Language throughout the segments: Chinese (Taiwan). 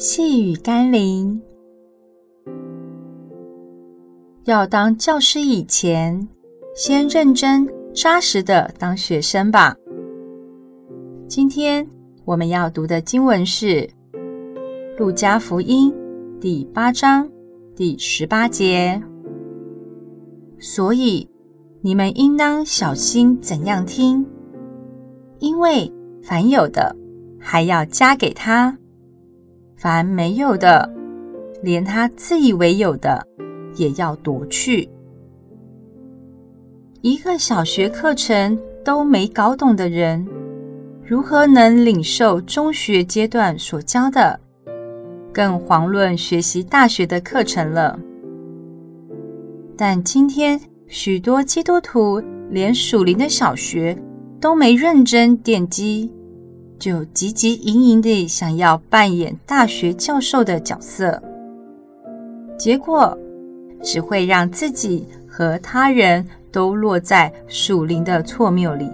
細語甘霖。要當教師以前，先認真扎實的當學生吧。今天我們要讀的經文是《路加福音》第八章第十八節。所以你們應當小心怎樣聽，因為凡有的還要加給他。凡沒有的，連他自以為有的，也要奪去。一個小學課程都沒搞懂的人，如何能領受中學階段所教的？更遑論學習大學的課程了。但今天，許多基督徒連屬靈的小學都沒認真奠基。就汲汲營營地想要扮演大學教授的角色，結果只會讓自己和他人都落在屬靈的錯謬裡。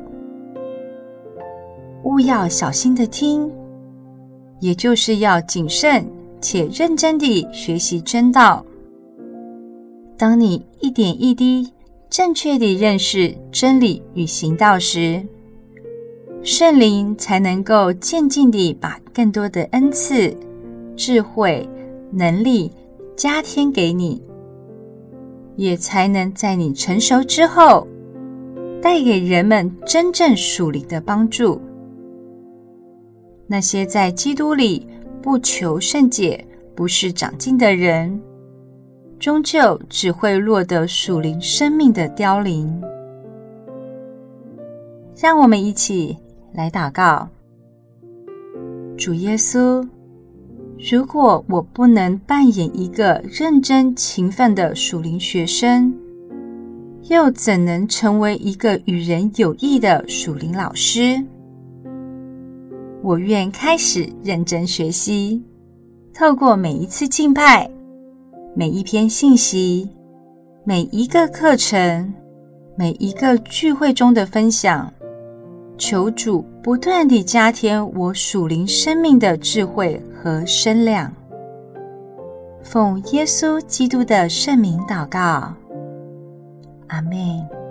務要小心地聽，也就是要謹慎且認真地學習真道。當你一點一滴正確地認識真理與行道時，聖靈才能夠漸進地把更多的恩賜、智慧、能力加添給你，也才能在你成熟之後，帶給人們真正屬靈的幫助。那些在基督裡不求甚解、不事長進的人，終究只會落得屬靈生命的凋零。讓我們一起。來禱告，主耶穌，如果我不能扮演一個認真勤奮的屬靈學生，又怎能成為一個與人有益的屬靈老師？我願開始認真學習，透過每一次敬拜、每一篇信息、每一個課程、每一個聚會中的分享。求主不斷地加添我屬靈生命的智慧和身量，奉耶穌基督的聖名禱告，阿門。